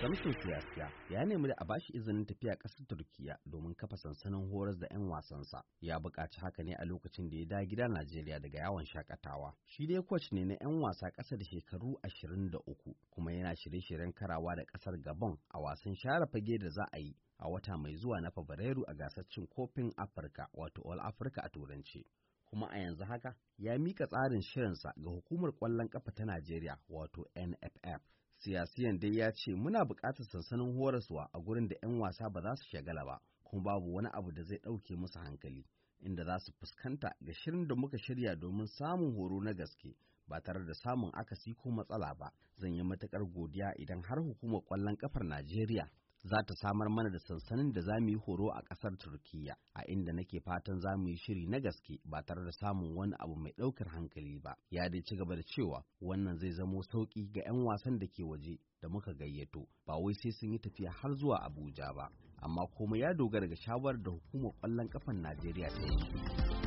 Samson Siyasiya ya nemi da a bashi izinin tafiya ƙasar Turkiya domin kafa sansanin horas da 'yan wasansa. Ya buƙaci haka ne a lokacin da ya da gida Najeriya daga yawon shakatawa. Shi dai kwac ne na 'yan wasa ƙasa da shekaru 23 kuma yana shirye-shiryen karawa da ƙasar Gabon a wasan share fage da za a yi a wata mai zuwa na Fabrairu a gasar cin kofin Afirka wato All Africa a Turanci. kuma a yanzu haka ya mika tsarin shirinsa ga hukumar ƙwallon ƙafa ta Najeriya wato NFF Siyasiyan dai ya ce muna buƙatar sansanin horaswa a gurin da 'yan wasa ba za su shagala ba, kuma babu wani abu da zai ɗauke musu hankali, inda za su fuskanta ga shirin da muka shirya domin samun horo na gaske ba tare da samun akasi ko matsala ba. Zan yi matuƙar godiya idan har hukumar ƙwallon ƙafar Najeriya za ta samar mana da sansanin da za mu yi horo a ƙasar Turkiyya, a inda nake fatan za mu yi shiri na gaske ba tare da samun wani abu mai ɗaukar hankali ba. Ya dai ci gaba da cewa wannan zai zamo sauƙi ga 'yan wasan da ke waje da muka gayyato, ba wai sai sun yi tafiya har zuwa Abuja ba, amma komai ya dogara ga shawarar da hukumar ƙwallon ƙafan Najeriya ta yi.